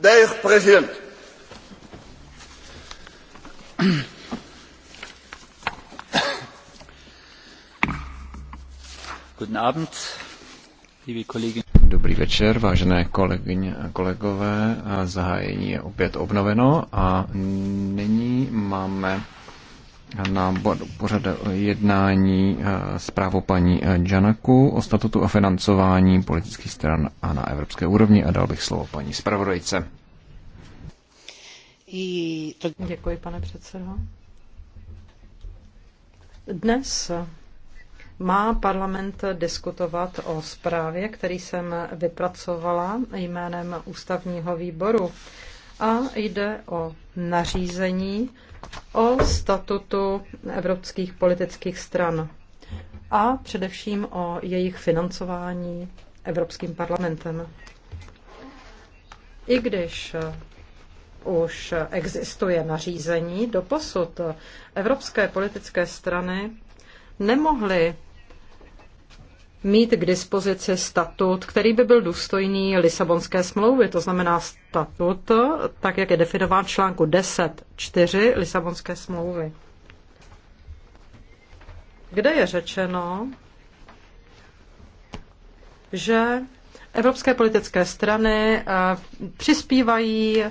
Dear President. Guten Abend, liebe Kolleginnen. Dobrý večer, vážené kolegyně a kolegové. Zahájení je opět obnoveno a nyní máme na pořad jednání eh, zprávu paní eh, Janaku o statutu a financování politických stran a na evropské úrovni a dal bych slovo paní zpravodajce. Děkuji, pane předsedo. Dnes má parlament diskutovat o zprávě, který jsem vypracovala jménem ústavního výboru a jde o nařízení o statutu evropských politických stran a především o jejich financování Evropským parlamentem. I když eh, už existuje nařízení, doposud evropské politické strany nemohly mít k dispozici statut, který by byl důstojný Lisabonské smlouvy, to znamená statut, tak jak je definován v článku 10.4 Lisabonské smlouvy. Kde je řečeno, že evropské politické strany eh, přispívají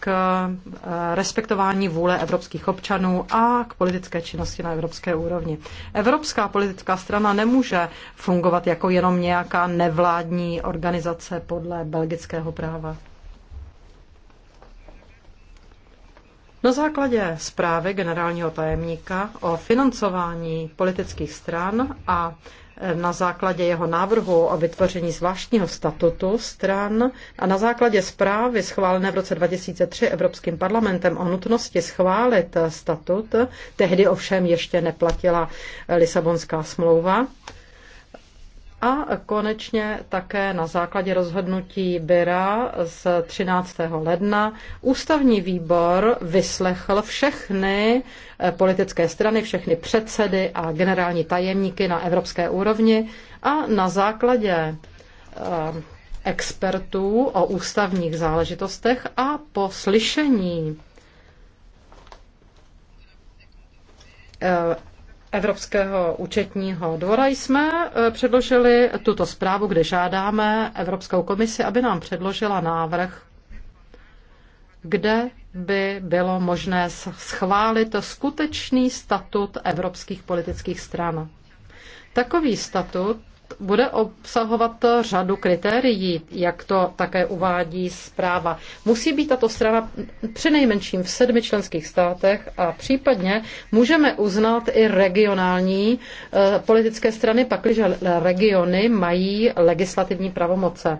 k eh, respektování vůle evropských občanů a k politické činnosti na evropské úrovni. Evropská politická strana nemůže fungovat jako jenom nějaká nevládní organizace podle belgického práva. Na základě zprávy generálního tajemníka o financování politických stran a e, na základě jeho návrhu o vytvoření zvláštního statutu stran a na základě zprávy schválené v roce 2003 Evropským parlamentem o nutnosti schválit e, statut, tehdy ovšem ještě neplatila e, Lisabonská smlouva, a konečně také na základě rozhodnutí Byra z 13. ledna ústavní výbor vyslechl všechny eh, politické strany, všechny předsedy a generální tajemníky na evropské úrovni a na základě eh, expertů o ústavních záležitostech a po slyšení eh, Evropského účetního dvora jsme e, předložili tuto zprávu, kde žádáme Evropskou komisi, aby nám předložila návrh, kde by bylo možné schválit skutečný statut evropských politických stran. Takový statut bude obsahovat řadu kritérií, jak to také uvádí zpráva. Musí být tato strana přinejmenším v sedmi členských státech a případně můžeme uznat i regionální eh, politické strany, pakliže regiony mají legislativní pravomoce.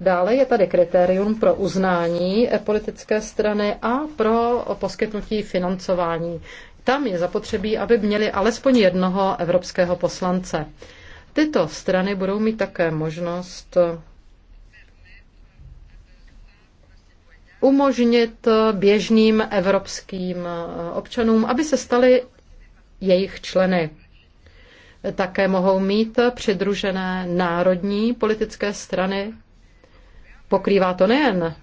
Dále je tady kritérium pro uznání politické strany a pro poskytnutí financování. Tam je zapotřebí, aby měli alespoň jednoho evropského poslance. Tyto strany budou mít také možnost umožnit běžným evropským občanům, aby se stali jejich členy. Také mohou mít přidružené národní politické strany. Pokrývá to nejen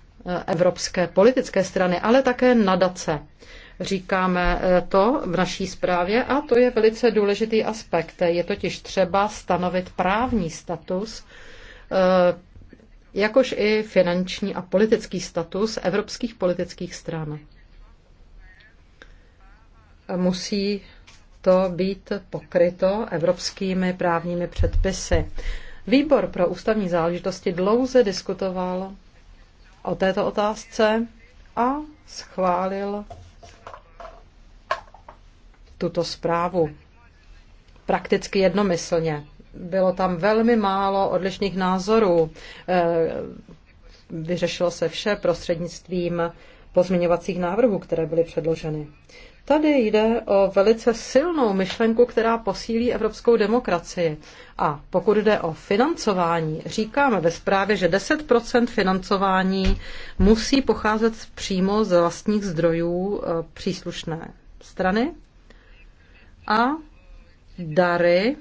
evropské politické strany, ale také nadace. Říkáme eh, to v naší zprávě a to je velice důležitý aspekt. Je totiž třeba stanovit právní status eh, jakož i finanční a politický status evropských politických stran. Musí to být pokryto evropskými právními předpisy. Výbor pro ústavní záležitosti dlouze diskutoval o této otázce a schválil tuto zprávu prakticky jednomyslně. Bylo tam velmi málo odlišných názorů. Eh, vyřešilo se vše prostřednictvím pozměňovacích návrhů, které byly předloženy. Tady jde o velice silnou myšlenku, která posílí evropskou demokracii. A pokud jde o financování, říkáme ve zprávě, že 10 financování musí pocházet přímo z vlastních zdrojů eh, příslušné strany a dary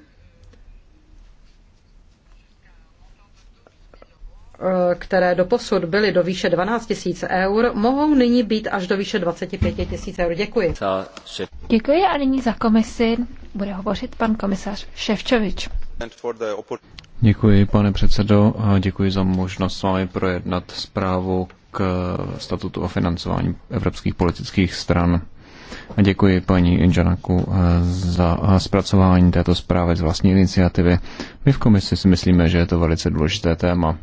eh, které doposud byly do výše 12 tisíc eur, mohou nyní být až do výše 25 tisíc eur. Děkuji. Děkuji a nyní za komisi bude hovořit pan komisař Ševčovič. Děkuji, pane předsedo, a děkuji za možnost s vámi projednat zprávu k statutu o financování evropských politických stran. Děkuji paní Inžanaku eh, za eh, zpracování této zprávy z vlastní iniciativy. My v komisi si myslíme, že je to velice důležité téma.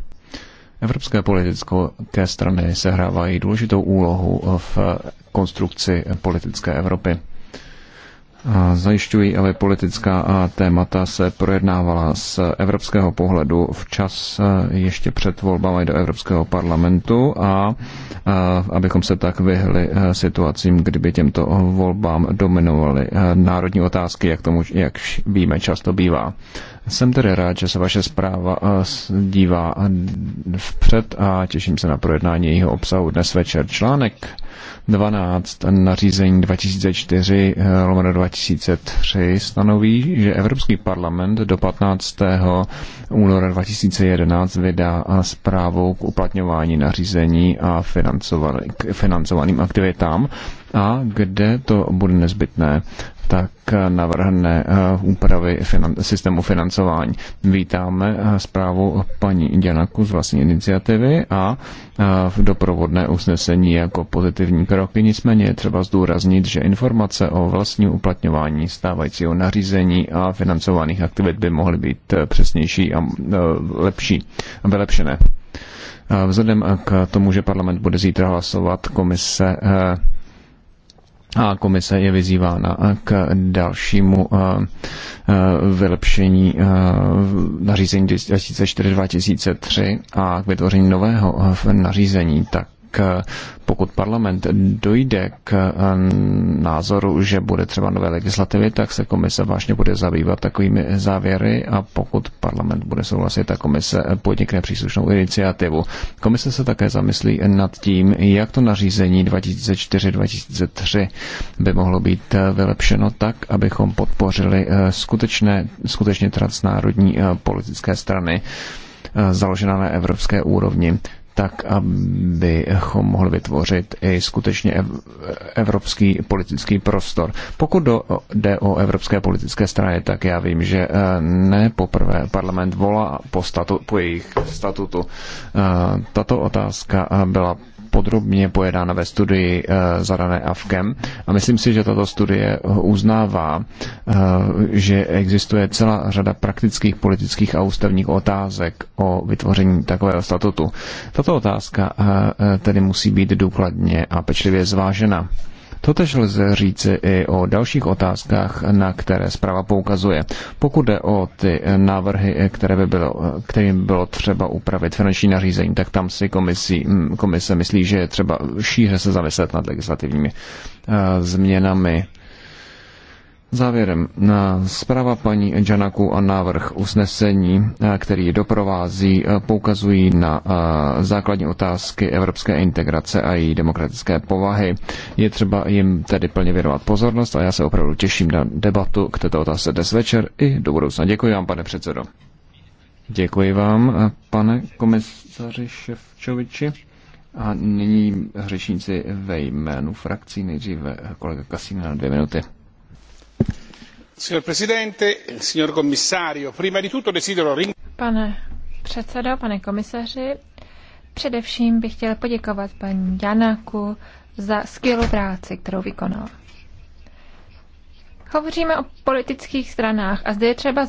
Evropské politické strany sehrávají důležitou úlohu v konstrukci politické Evropy a zajišťují, aby politická témata se projednávala z evropského pohledu včas e, ještě před volbami do Evropského parlamentu a e, abychom se tak vyhli e, situacím, kdyby těmto volbám dominovaly národní otázky, jak, tomu, jak víme, často bývá. Jsem tedy rád, že se vaše zpráva eh, dívá eh, vpřed a těším se na projednání jejího obsahu dnes večer. Článek 12 nařízení 2004 eh, lomeno 2003 stanoví, že Evropský parlament do 15. února 2011 vydá zprávu k uplatňování nařízení a financovaným aktivitám a kde to bude nezbytné tak navrhne eh, úpravy finan- systému financování. Vítáme eh, zprávu paní Děnaku z vlastní iniciativy a eh, v doprovodné usnesení jako pozitivní kroky. Nicméně je třeba zdůraznit, že informace o vlastním uplatňování stávajícího nařízení a financovaných aktivit by mohly být přesnější a lepší a vylepšené. Vzhledem k tomu, že parlament bude zítra hlasovat, komise a komise je vyzývána eh, k dalšímu eh, eh, vylepšení nařízení 2004-2003 a k vytvoření nového nařízení tak, pokud parlament dojde k eh, názoru, že bude třeba nové legislativy, tak se komise vážně bude zabývat takovými závěry a pokud parlament bude souhlasit, tak komise podnikne příslušnou iniciativu. Komise se také zamyslí nad tím, jak to nařízení 2004-2003 by mohlo být eh, vylepšeno tak, abychom podpořili eh, skutečné, skutečně transnárodní politické strany založená na evropské úrovni tak abychom mohli vytvořit i skutečně evropský politický prostor. Pokud do, jde o evropské politické strany, tak já vím, že eh, ne poprvé parlament volá po, statu, po jejich statutu. Eh, tato otázka eh, byla podrobně pojedána ve studii eh, zadané AFKem a myslím si, že tato studie uznává, eh, že existuje celá řada praktických, politických a ústavních otázek o vytvoření takového statutu. Tato otázka eh, tedy musí být důkladně a pečlivě zvážena. Totež lze říci i o dalších otázkách, na které zpráva poukazuje. Pokud jde o ty návrhy, které by bylo, kterým bylo třeba upravit finanční nařízení, tak tam si komisí, mm, komise myslí, že je třeba šíře se zamyslet nad legislativními eh, změnami Závěrem, zpráva paní Džanaku a návrh usnesení, eh, který doprovází, eh, poukazují na eh, základní otázky evropské integrace a její demokratické povahy. Je třeba jim tedy plně věnovat pozornost a já se opravdu těším na debatu k této otázce dnes večer i do budoucna. Děkuji vám, pane předsedo. Děkuji vám, pane komisaři Ševčoviči. A nyní řečníci ve jménu frakcí, nejdříve kolega Kasína na dvě minuty. Pane předsedo, pane komisaři, především bych chtěl poděkovat paní Janaku za skvělou práci, kterou vykonala. Hovoříme o politických stranách a zde je třeba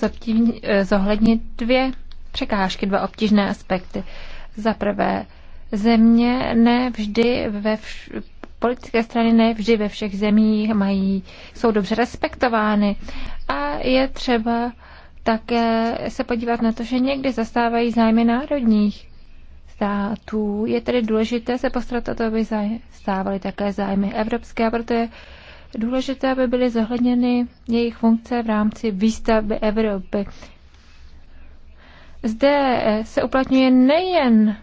zohlednit dvě překážky, dva obtížné aspekty. Za prvé, země ne vždy ve vš- politické strany ne vždy ve všech zemích mají, jsou dobře respektovány. A je třeba také se podívat na to, že někdy zastávají zájmy národních států. Je tedy důležité se postarat o to, aby stávaly také zájmy evropské, a proto je důležité, aby byly zohledněny jejich funkce v rámci výstavby Evropy. Zde se uplatňuje nejen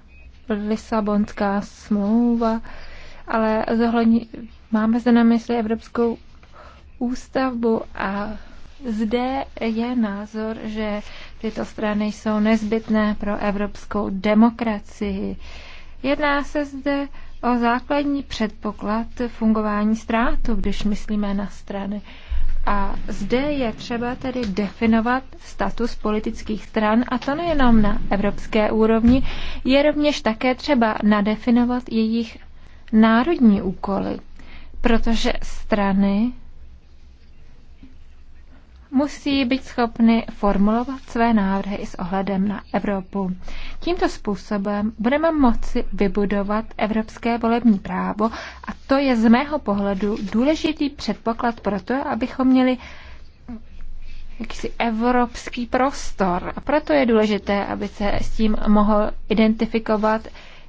Lisabonská smlouva, ale zohlední, máme zde na mysli Evropskou ústavbu a zde je názor, že tyto strany jsou nezbytné pro evropskou demokracii. Jedná se zde o základní předpoklad fungování ztrátu, když myslíme na strany. A zde je třeba tedy definovat status politických stran, a to nejenom na evropské úrovni, je rovněž také třeba nadefinovat jejich národní úkoly, protože strany musí být schopny formulovat své návrhy i s ohledem na Evropu. Tímto způsobem budeme moci vybudovat evropské volební právo a to je z mého pohledu důležitý předpoklad pro to, abychom měli jakýsi evropský prostor. A proto je důležité, aby se s tím mohl identifikovat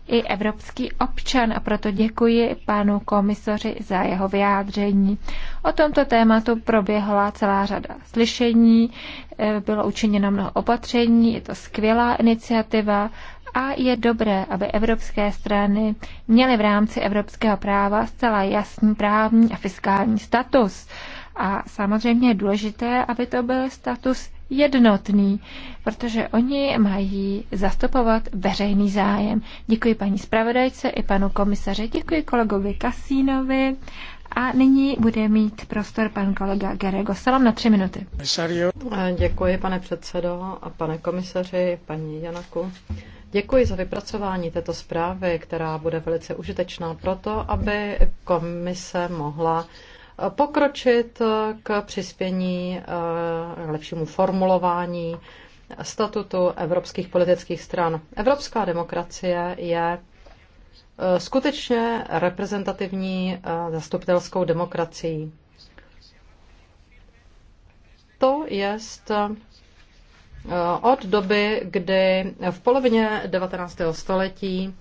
i evropský občan a proto děkuji panu komisoři za jeho vyjádření. O tomto tématu proběhla celá řada slyšení, e, bylo učiněno mnoho opatření, je to skvělá iniciativa a je dobré, aby evropské strany měly v rámci evropského práva zcela jasný právní a fiskální status. A samozřejmě je důležité, aby to byl status jednotný, protože oni mají zastupovat veřejný zájem. Děkuji paní zpravodajce i panu komisaři, děkuji kolegovi Kasínovi a nyní bude mít prostor pan kolega Gerego Salam na tři minuty. Děkuji, pane předsedo a pane komisaři, paní Janaku. Děkuji za vypracování této zprávy, která bude velice užitečná pro to, aby komise mohla pokročit k přispění k eh, lepšímu formulování statutu evropských politických stran. Evropská demokracie je eh, skutečně reprezentativní eh, zastupitelskou demokracií. To je od doby, kdy v polovině 19. století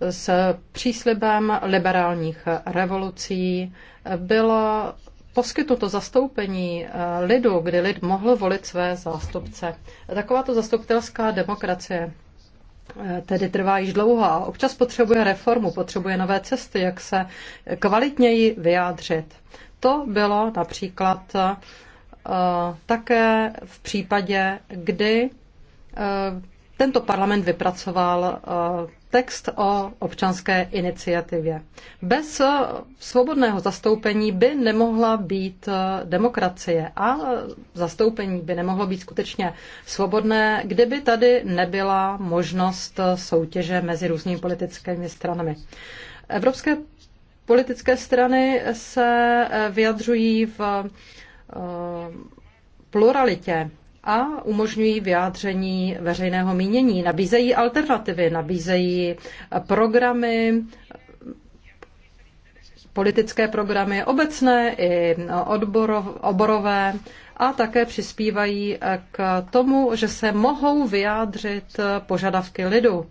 s příslibem liberálních revolucí bylo poskytnuto zastoupení eh, lidu, kdy lid mohl volit své zástupce. Takováto zastupitelská demokracie eh, tedy trvá již dlouho a občas potřebuje reformu, potřebuje nové cesty, jak se kvalitněji vyjádřit. To bylo například eh, také v případě, kdy tento parlament vypracoval text o občanské iniciativě. Bez svobodného zastoupení by nemohla být demokracie a zastoupení by nemohlo být skutečně svobodné, kdyby tady nebyla možnost soutěže mezi různými politickými stranami. Evropské politické strany se vyjadřují v eh, pluralitě a umožňují vyjádření veřejného mínění. Nabízejí alternativy, nabízejí programy, politické programy obecné i oborové a také přispívají k tomu, že se mohou vyjádřit požadavky lidu.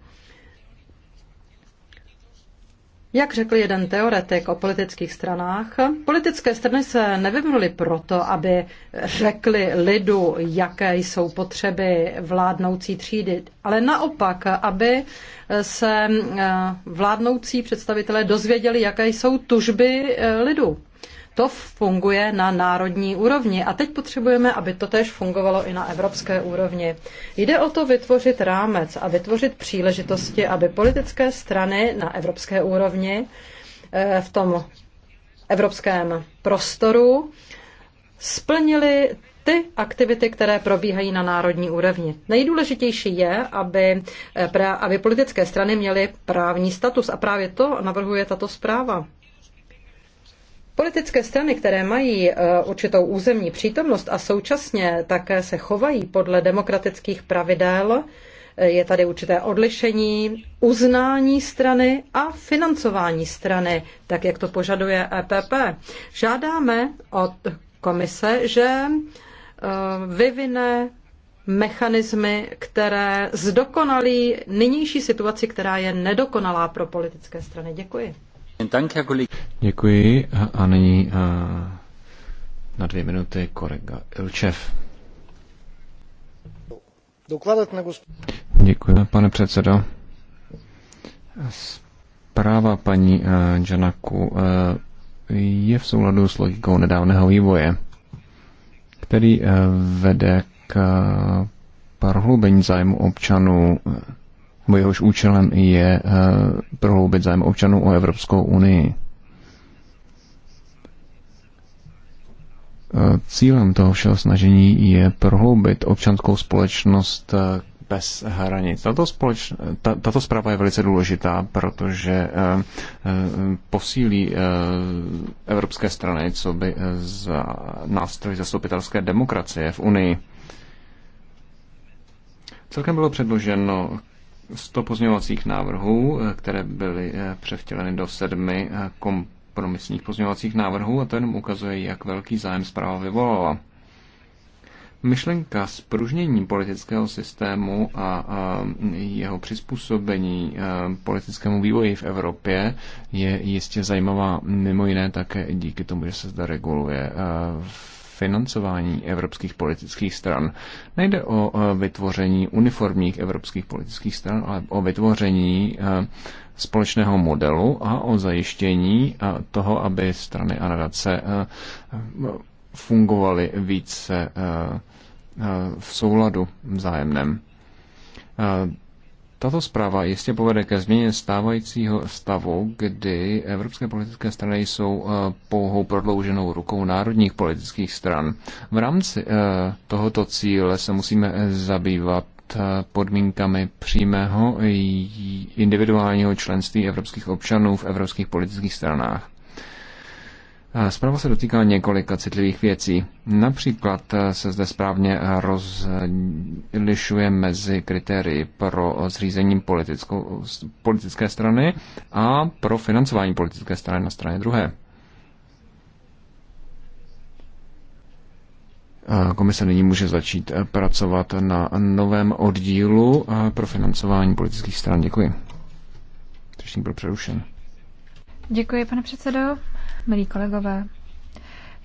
Jak řekl jeden teoretik o politických stranách, politické strany se nevyvinuly proto, aby řekly lidu, jaké jsou potřeby vládnoucí třídy, ale naopak, aby se eh, vládnoucí představitelé dozvěděli, jaké jsou tužby eh, lidu. To funguje na národní úrovni a teď potřebujeme, aby to tež fungovalo i na evropské úrovni. Jde o to vytvořit rámec a vytvořit příležitosti, aby politické strany na evropské úrovni eh, v tom evropském prostoru splnili ty aktivity, které probíhají na národní úrovni. Nejdůležitější je, aby, eh, aby politické strany měly právní status a právě to navrhuje tato zpráva. Politické strany, které mají eh, určitou územní přítomnost a současně také se chovají podle demokratických pravidel, eh, je tady určité odlišení uznání strany a financování strany, tak jak to požaduje EPP. Žádáme od komise, že eh, vyvine mechanismy, které zdokonalí nynější situaci, která je nedokonalá pro politické strany. Děkuji. Děkuji a, a nyní a, na dvě minuty kolega Ilčev. Děkuji, pane předsedo. Zpráva paní Janaku je v souladu s logikou nedávného vývoje, který vede k prohloubení zájmu občanů nebo jehož účelem je eh, prohloubit zájem občanů o Evropskou unii. Eh, cílem toho všeho snažení je prohloubit občanskou společnost eh, bez hranic. Tato, společ, tato zpráva je velice důležitá, protože posílí evropské strany, co by za nástroj zastupitelské demokracie v Unii. Celkem bylo předloženo 100 pozměňovacích návrhů, eh, které byly eh, převtěleny do sedmi eh, kompromisních pozměňovacích návrhů a to jenom ukazuje, jak velký zájem zpráva vyvolala. Myšlenka spružnění politického systému a jeho přizpůsobení politickému vývoji v Evropě je jistě zajímavá mimo jiné také díky tomu, že se zde reguluje v financování evropských politických stran. Nejde o eh, vytvoření uniformních evropských politických stran, ale o vytvoření eh, společného modelu a o zajištění eh, toho, aby strany a nadace fungovaly více v souladu vzájemném tato zpráva jistě povede ke změně stávajícího stavu, kdy evropské politické strany jsou eh, pouhou prodlouženou rukou národních politických stran. V rámci eh, tohoto cíle se musíme zabývat eh, podmínkami přímého individuálního členství evropských občanů v evropských politických stranách. Zpráva se dotýká několika citlivých věcí. Například eh, se zde správně rozlišuje mezi kritérii pro zřízení politické strany a pro financování politické strany na straně druhé. Komise nyní může začít eh, pracovat na novém oddílu eh, pro financování politických stran. Děkuji. Třešník byl přerušen. Děkuji, pane předsedo. Milí kolegové,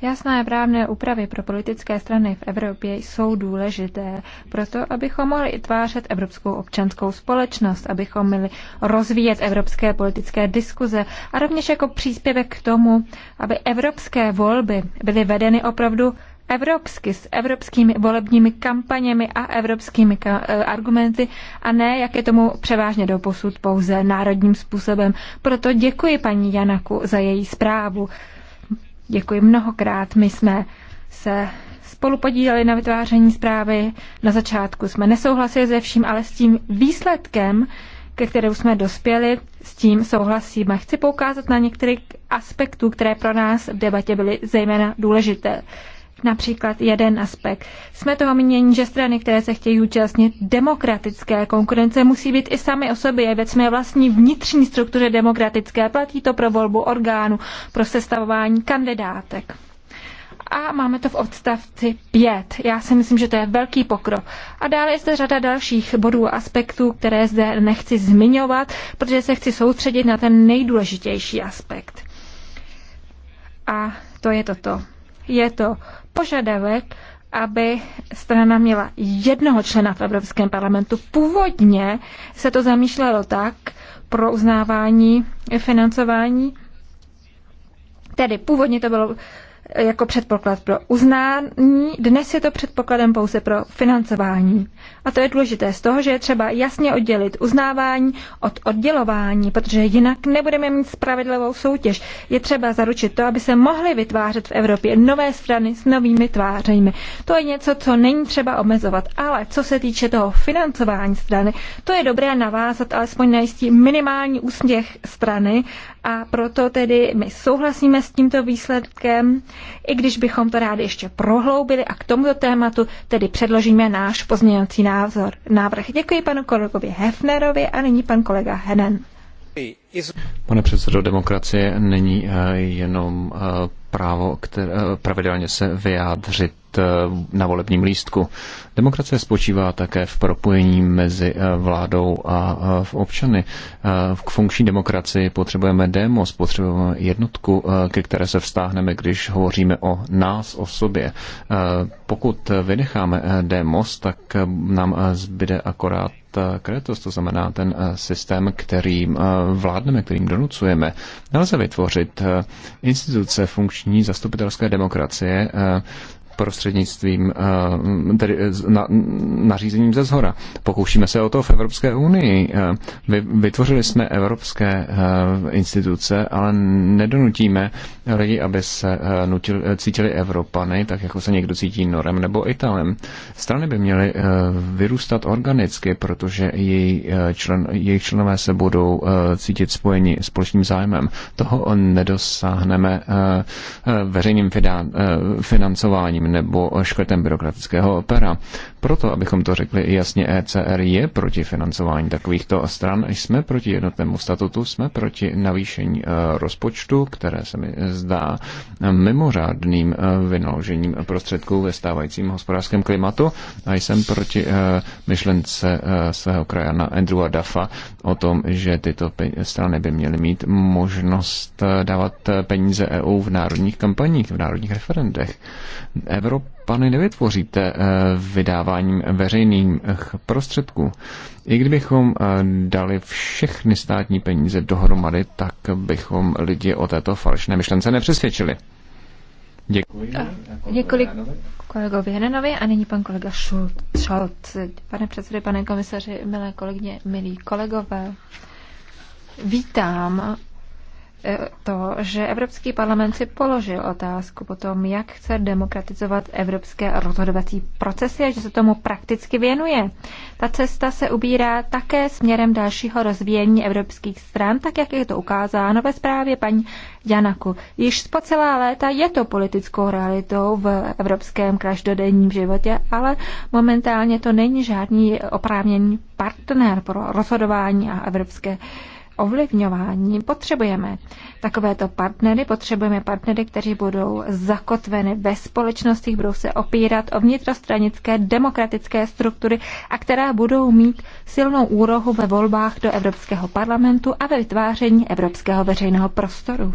Jasné právné úpravy pro politické strany v Evropě jsou důležité, proto abychom mohli tvářet evropskou občanskou společnost, abychom měli rozvíjet evropské politické diskuze a rovněž jako příspěvek k tomu, aby evropské volby byly vedeny opravdu evropsky, s evropskými volebními kampaněmi a evropskými eh, argumenty a ne, jak je tomu převážně doposud, pouze národním způsobem. Proto děkuji paní Janaku za její zprávu. Děkuji mnohokrát. My jsme se spolu podíleli na vytváření zprávy. Na začátku jsme nesouhlasili se vším, ale s tím výsledkem, ke kterému jsme dospěli, s tím souhlasíme. Chci poukázat na některých aspektů, které pro nás v debatě byly zejména důležité. Například jeden aspekt. Jsme toho mínění, že strany, které se chtějí účastnit demokratické konkurence, musí být i sami o sobě věc své vlastní vnitřní struktuře demokratické. Platí to pro volbu orgánu, pro sestavování kandidátek. A máme to v odstavci 5. Já si myslím, že to je velký pokrok. A dále je zde řada dalších bodů a aspektů, které zde nechci zmiňovat, protože se chci soustředit na ten nejdůležitější aspekt. A to je toto. Je to požadavek, aby strana měla jednoho člena v Evropském parlamentu. Původně se to zamýšlelo tak pro uznávání financování Tedy původně to bylo jako předpoklad pro uznání, dnes je to předpokladem pouze pro financování. A to je důležité z toho, že je třeba jasně oddělit uznávání od oddělování, protože jinak nebudeme mít spravedlivou soutěž. Je třeba zaručit to, aby se mohly vytvářet v Evropě nové strany s novými tvářejmi. To je něco, co není třeba omezovat, ale co se týče toho financování strany, to je dobré navázat alespoň na jistý minimální úsměch strany a proto tedy my souhlasíme s tímto výsledkem i když bychom to rádi ještě prohloubili a k tomuto tématu tedy předložíme náš pozměňovací návrh. Děkuji panu kolegovi Hefnerovi a nyní pan kolega Henen. Pane předsedo, demokracie není eh, jenom eh, právo které, eh, pravidelně se vyjádřit na volebním lístku. Demokracie spočívá také v propojení mezi vládou a v občany. K funkční demokracii potřebujeme demos, potřebujeme jednotku, ke které se vztáhneme, když hovoříme o nás, o sobě. Pokud vynecháme demos, tak nám zbyde akorát kretos, to znamená ten eh, systém, kterým eh, vládneme, kterým donucujeme, nelze vytvořit eh, instituce funkční zastupitelské demokracie, prostřednictvím, eh, tedy na, nařízením ze zhora. Pokoušíme se o to v Evropské unii. Eh, vytvořili jsme evropské eh, instituce, ale nedonutíme lidi, aby se nutili cítili Evropany, tak jako se někdo cítí Norem nebo Italem. Strany by měly vyrůstat organicky, protože její člen, jejich členové se budou cítit spojeni společným zájmem. Toho nedosáhneme veřejným financováním zdražováním nebo škrtem byrokratického opera. Proto, abychom to řekli jasně, ECR je proti financování takovýchto stran, jsme proti jednotnému statutu, jsme proti navýšení e, rozpočtu, které se mi zdá mimořádným e, vynaložením prostředků ve stávajícím hospodářském klimatu a jsem proti e, myšlence svého krajana Andrewa Dafa o tom, že tyto strany by měly mít možnost dávat peníze EU v národních kampaních, v národních referendech. Evropany nevytvoříte eh, vydáváním veřejných prostředků. I kdybychom eh, dali všechny státní peníze dohromady, tak bychom lidi o této falešné myšlence nepřesvědčili. Děkuji. Několik kolegovi Henenovi a nyní pan kolega Šolt. Pane předsedy, pane komisaři, milé kolegyně, milí kolegové, vítám E, to, že Evropský parlament si položil otázku po tom, jak chce demokratizovat evropské rozhodovací procesy a že se tomu prakticky věnuje. Ta cesta se ubírá také směrem dalšího rozvíjení evropských stran, tak jak je to ukázáno ve zprávě paní Janaku. Již po celá léta je to politickou realitou v evropském každodenním životě, ale momentálně to není žádný oprávněný partner pro rozhodování a evropské ovlivňování. Potřebujeme takovéto partnery, potřebujeme partnery, kteří budou zakotveny ve společnostech, budou se opírat o vnitrostranické demokratické struktury a která budou mít silnou úrohu ve volbách do Evropského parlamentu a ve vytváření evropského veřejného prostoru.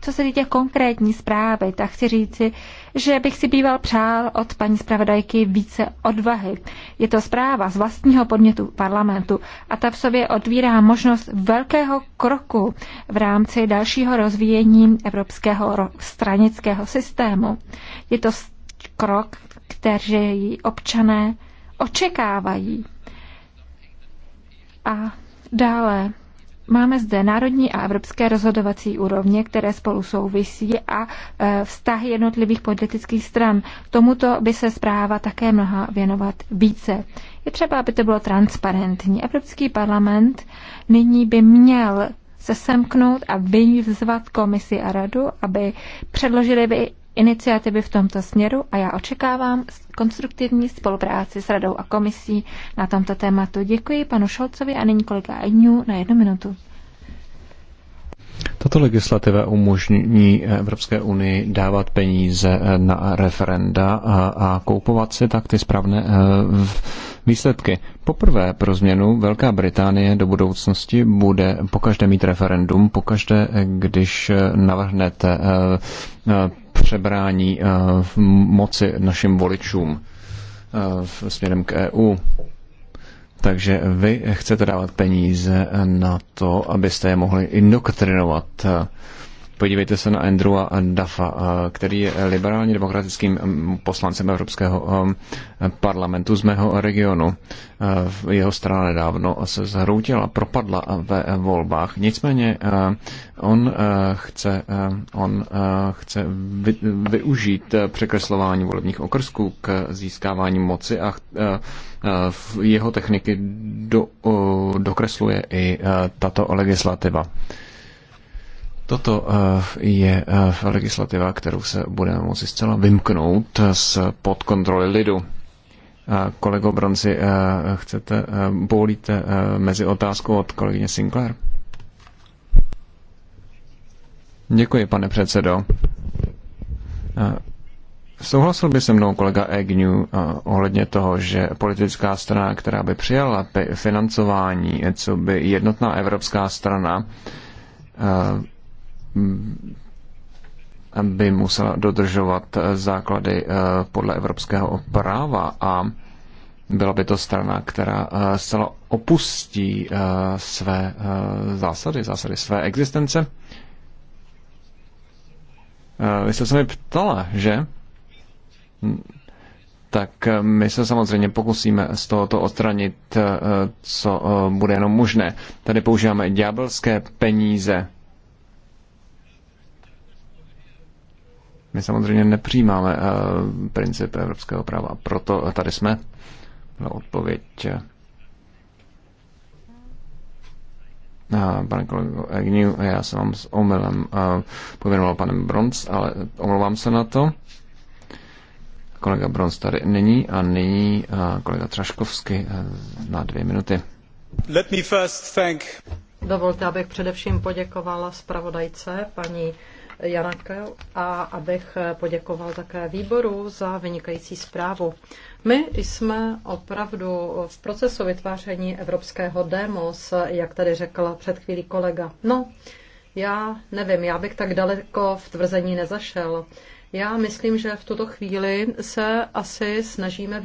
Co se týče konkrétní zprávy, tak chci říci, že bych si býval přál od paní zpravodajky více odvahy. Je to zpráva z vlastního podnětu parlamentu a ta v sobě otvírá možnost velkého kroku v rámci dalšího rozvíjení evropského stranického systému. Je to krok, který občané očekávají. A dále Máme zde národní a evropské rozhodovací úrovně, které spolu souvisí a e, vztahy jednotlivých politických stran. Tomuto by se zpráva také mohla věnovat více. Je třeba, aby to bylo transparentní. Evropský parlament nyní by měl se semknout a vyzvat komisi a radu, aby předložili by iniciativy v tomto směru a já očekávám konstruktivní spolupráci s radou a komisí na tomto tématu. Děkuji panu Šolcovi a nyní kolega Edňů na jednu minutu. Tato legislativa umožní Evropské unii dávat peníze eh, na referenda a, a koupovat si tak ty správné eh, výsledky. Poprvé pro změnu Velká Británie do budoucnosti bude pokaždé mít referendum, pokaždé, eh, když navrhnete přebrání eh, v moci našim voličům eh, směrem k EU. Takže vy chcete dávat peníze na to, abyste je mohli indoktrinovat eh, Podívejte se na Andrewa Dafa, eh, který je liberálně demokratickým mm, poslancem Evropského ehm, parlamentu z mého regionu. Eh, jeho strana nedávno se zhroutila, propadla ve volbách. Nicméně eh, on chce, on chce využít překreslování volebních okrsků k získávání moci a jeho techniky do, dokresluje i tato legislativa. Toto eh, je eh, legislativa, kterou se budeme moci zcela vymknout z pod kontroly lidu. Eh, kolego Bronci, chcete, bolíte mezi otázkou od kolegyně Sinclair? Děkuji, pane předsedo. Souhlasil by se mnou kolega Agnew ohledně toho, že politická strana, která by přijala financování, co by jednotná evropská strana, Mm, by musela dodržovat eh, základy eh, podle evropského práva a byla by to strana, která eh, zcela opustí své zásady, zásady své existence. Vy jste se mi ptala, že? Hm, tak my se samozřejmě pokusíme z tohoto odstranit, co bude jenom možné. Tady používáme ďábelské peníze My samozřejmě nepřijímáme eh, princip evropského práva, proto tady jsme. Eh, na odpověď pane kolego Agnew, já jsem vám s omylem eh, pověnoval panem Bronz, ale omlouvám se na to. Kolega Bronz tady není a nyní kolega Traškovsky na dvě minuty. Let me first thank... Dovolte, abych především poděkovala zpravodajce paní Janakel a abych poděkoval také výboru za vynikající zprávu. My jsme opravdu v procesu vytváření evropského demos, jak tady řekl před chvílí kolega. No, já nevím, já bych tak daleko v tvrzení nezašel. Já myslím, že v tuto chvíli se asi snažíme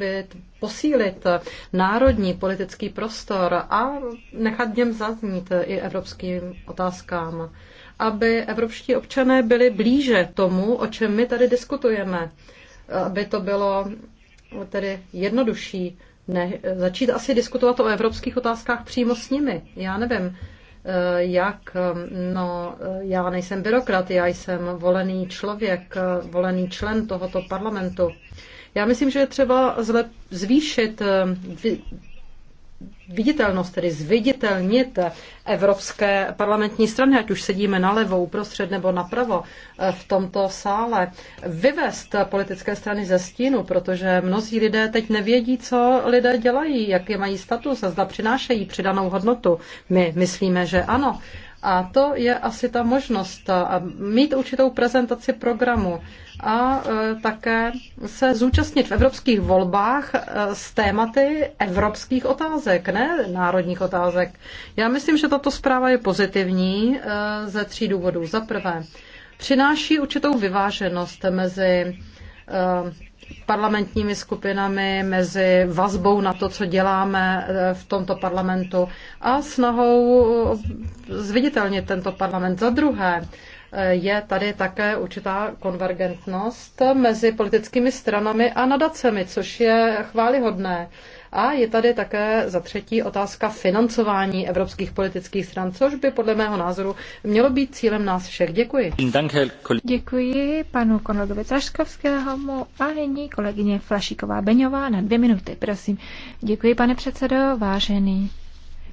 posílit národní politický prostor a nechat něm zaznít i evropským otázkám aby evropští občané byli blíže tomu, o čem my tady diskutujeme. Aby to bylo tedy jednodušší ne, začít asi diskutovat o evropských otázkách přímo s nimi. Já nevím, eh, jak, eh, no, eh, já nejsem byrokrat, já jsem volený člověk, volený člen tohoto parlamentu. Já myslím, že je třeba zlep, zvýšit viditelnost, tedy zviditelnit evropské parlamentní strany, ať už sedíme na levou, uprostřed nebo napravo eh, v tomto sále, vyvést politické strany ze stínu, protože mnozí lidé teď nevědí, co lidé dělají, jaký mají status a zda přinášejí přidanou hodnotu. My myslíme, že ano, a to je asi ta možnost a mít určitou prezentaci programu a e, také se zúčastnit v evropských volbách e, s tématy evropských otázek, ne národních otázek. Já myslím, že tato zpráva je pozitivní e, ze tří důvodů. Za prvé, přináší určitou vyváženost mezi parlamentními skupinami, mezi vazbou na to, co děláme eh, v tomto parlamentu a snahou eh, zviditelnit tento parlament. Za druhé, eh, je tady také určitá konvergentnost mezi politickými stranami a nadacemi, což je chválihodné. A je tady také za třetí otázka financování evropských politických stran, což by podle mého názoru mělo být cílem nás všech. Děkuji. Děkuji panu kolegovi Traškovskému a nyní kolegyně Flašíková Beňová na dvě minuty, prosím. Děkuji, pane předsedo, vážený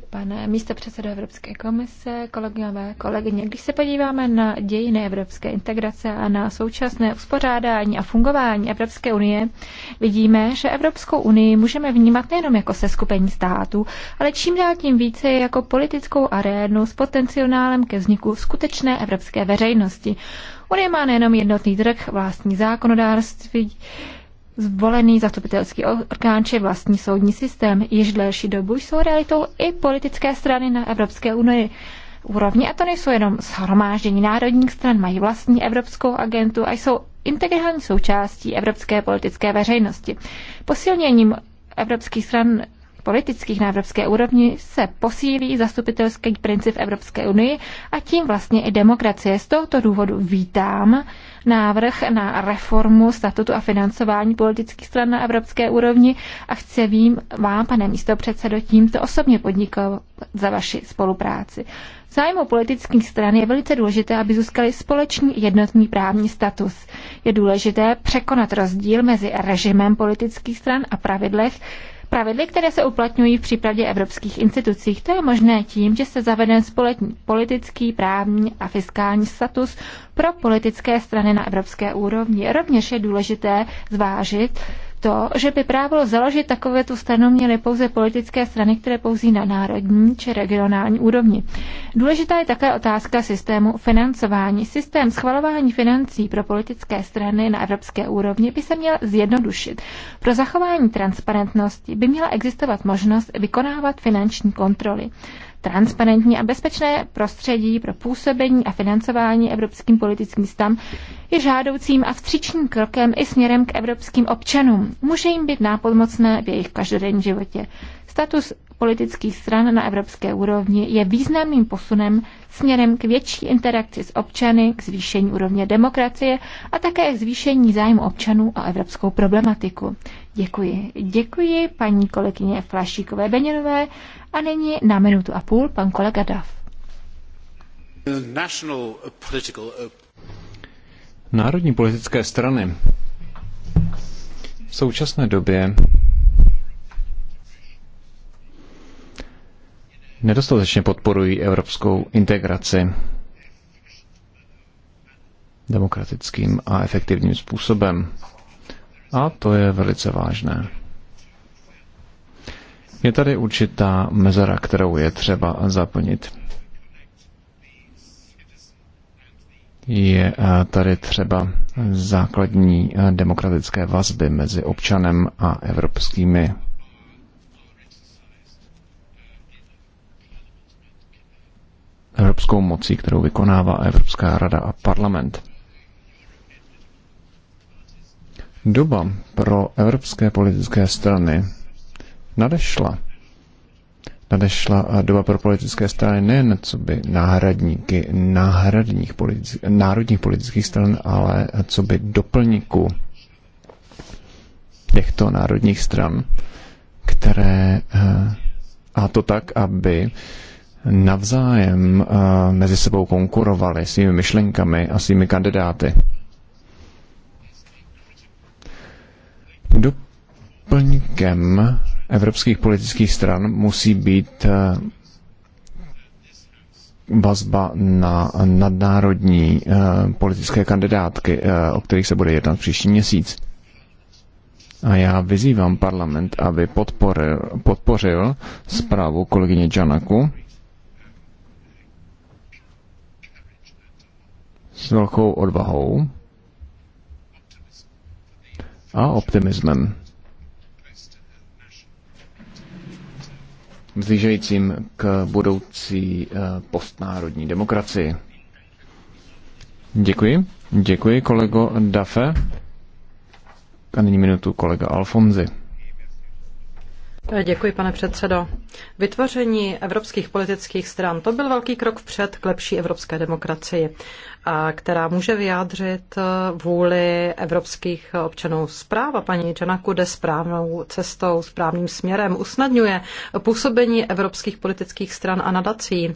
pane předsedo Evropské komise, kolegové, kolegyně. Když se podíváme na dějiny evropské integrace a na současné uspořádání a fungování Evropské unie, vidíme, že Evropskou unii můžeme vnímat nejenom jako seskupení států, ale čím dál tím více jako politickou arénu s potenciálem ke vzniku skutečné evropské veřejnosti. Unie má nejenom jednotný trh, vlastní zákonodárství, Zvolený zastupitelský orgán či vlastní soudní systém již delší dobu jsou realitou i politické strany na Evropské unii úrovni a to nejsou jenom shromáždění národních stran, mají vlastní evropskou agentu a jsou integrální součástí evropské politické veřejnosti. Posilněním evropských stran politických na evropské úrovni se posílí zastupitelský princip Evropské unii a tím vlastně i demokracie. Z tohoto důvodu vítám návrh na reformu statutu a financování politických stran na evropské úrovni a chci vím vám, pane místo předsedo, tímto osobně podnikovat za vaši spolupráci. V zájmu politických stran je velice důležité, aby získali společný jednotný právní status. Je důležité překonat rozdíl mezi režimem politických stran a pravidlech, pravidly, které se uplatňují v případě evropských institucích. To je možné tím, že se zavede společný politický, právní a fiskální status pro politické strany na evropské úrovni. Rovněž je důležité zvážit, to, že by právo založit takové tu stranu měly pouze politické strany, které pouzí na národní či regionální úrovni. Důležitá je také otázka systému financování. Systém schvalování financí pro politické strany na evropské úrovni by se měl zjednodušit. Pro zachování transparentnosti by měla existovat možnost vykonávat finanční kontroly transparentní a bezpečné prostředí pro působení a financování evropským politickým stan je žádoucím a vstřičným krokem i směrem k evropským občanům. Může jim být nápomocné v jejich každodenním životě. Status politických stran na evropské úrovni je významným posunem směrem k větší interakci s občany, k zvýšení úrovně demokracie a také k zvýšení zájmu občanů o evropskou problematiku. Děkuji. Děkuji paní kolegyně Flašíkové Beněnové a nyní na minutu a půl pan kolega Dav. Uh, Národní politické strany v současné době nedostatečně podporují evropskou integraci demokratickým a efektivním způsobem. A to je velice vážné. Je tady určitá mezera, kterou je třeba zaplnit. Je eh, tady třeba základní eh, demokratické vazby mezi občanem a evropskými evropskou mocí, kterou vykonává Evropská rada a parlament. Doba pro evropské politické strany nadešla. Nadešla doba pro politické strany nejen co by náhradníky náhradních politi- národních politických stran, ale co by doplníků těchto národních stran, které eh, a to tak, aby navzájem eh, mezi sebou konkurovali svými myšlenkami a svými kandidáty. Doplňkem evropských politických stran musí být eh, vazba na nadnárodní eh, politické kandidátky, o kterých se bude jednat příští měsíc. A já vyzývám parlament, aby podporil, podpořil zprávu kolegyně Janaku s velkou odvahou a optimismem. vzlížejícím k budoucí eh, postnárodní demokracii. Děkuji. Děkuji, kolego Dafe. A nyní minutu kolega Alfonzi. Děkuji, pane předsedo. Vytvoření evropských politických stran, to byl velký krok vpřed k lepší evropské demokracii, která může vyjádřit eh, vůli evropských občanů. Zpráva paní Čanaku jde správnou cestou, správným směrem, usnadňuje působení evropských politických stran a nadací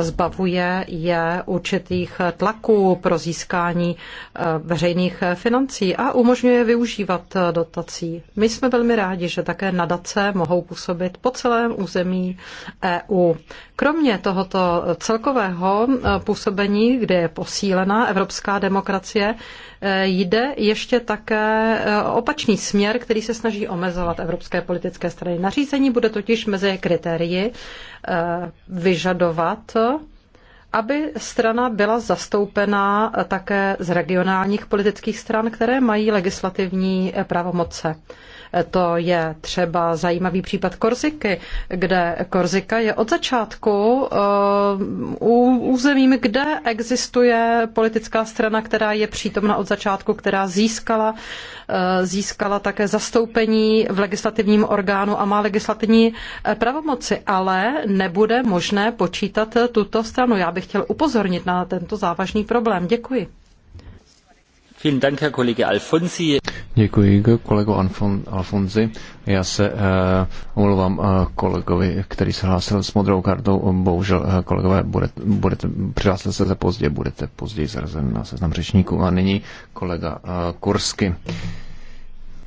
zbavuje je určitých tlaků pro získání eh, veřejných financí a umožňuje využívat eh, dotací. My jsme velmi rádi, že také nadace mohou působit po celém území EU. Kromě tohoto celkového eh, působení, kde je posílená evropská demokracie, eh, jde ještě také eh, opačný směr, který se snaží omezovat evropské politické strany. Nařízení bude totiž mezi kritérii vyžadovat aby strana byla zastoupená také z regionálních politických stran, které mají legislativní pravomoce. To je třeba zajímavý případ Korziky, kde Korzika je od začátku eh, územím, kde existuje politická strana, která je přítomna od začátku, která získala, eh, získala také zastoupení v legislativním orgánu a má legislativní eh, pravomoci, ale nebude možné počítat tuto stranu. Já bych chtěl upozornit na tento závažný problém. Děkuji. Vielen Dank, Herr Kollege Alfonsi. Děkuji kolego Alfonzi. Já se uh, omlouvám uh, kolegovi, který se hlásil s modrou kartou. Bohužel, uh, kolegové, budete, budete, přihlásil se za pozdě, budete později zrazen na seznam řečníků. A nyní kolega uh, Kursky.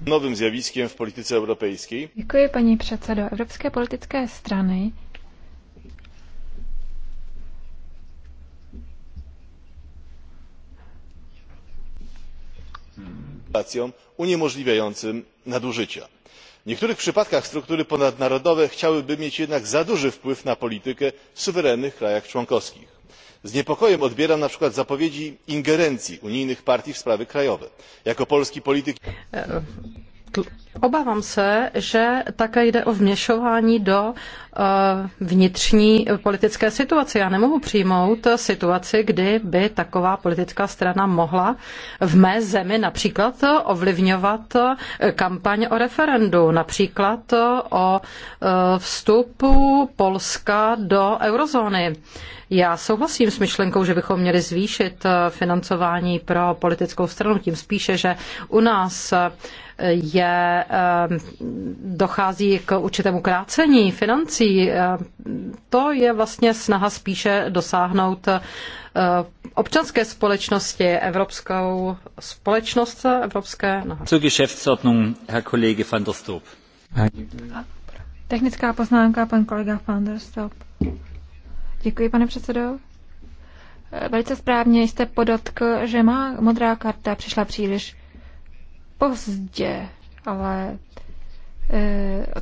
Novým zjavískem v politice evropské. Děkuji, paní předsedo. Evropské politické strany regulacjom uniemożliwiającym nadużycia. w niektórych przypadkach struktury ponadnarodowe chciałyby mieć jednak za duży wpływ na politykę w suwerennych krajach członkowskich. z niepokojem odbieram na przykład zapowiedzi ingerencji unijnych partii w sprawy krajowe. jako polski polityk e, Obávám se, že také jde o vměšování do eh, vnitřní politické situace. Já nemohu přijmout situaci, kdy by taková politická strana mohla v mé zemi například ovlivňovat eh, kampaň o referendu, například o eh, vstupu Polska do eurozóny. Já souhlasím s myšlenkou, že bychom měli zvýšit eh, financování pro politickou stranu, tím spíše, že u nás eh, je, eh, dochází k určitému krácení financí. To je vlastně snaha spíše dosáhnout občanské společnosti, evropskou společnost evropské. No. Geschäftsordnung, Herr Kollege van der Stoop. Technická poznámka, pan kolega van der Stoop. Děkuji, pane předsedo. Velice správně jste podotkl, že má modrá karta přišla příliš pozdě, ale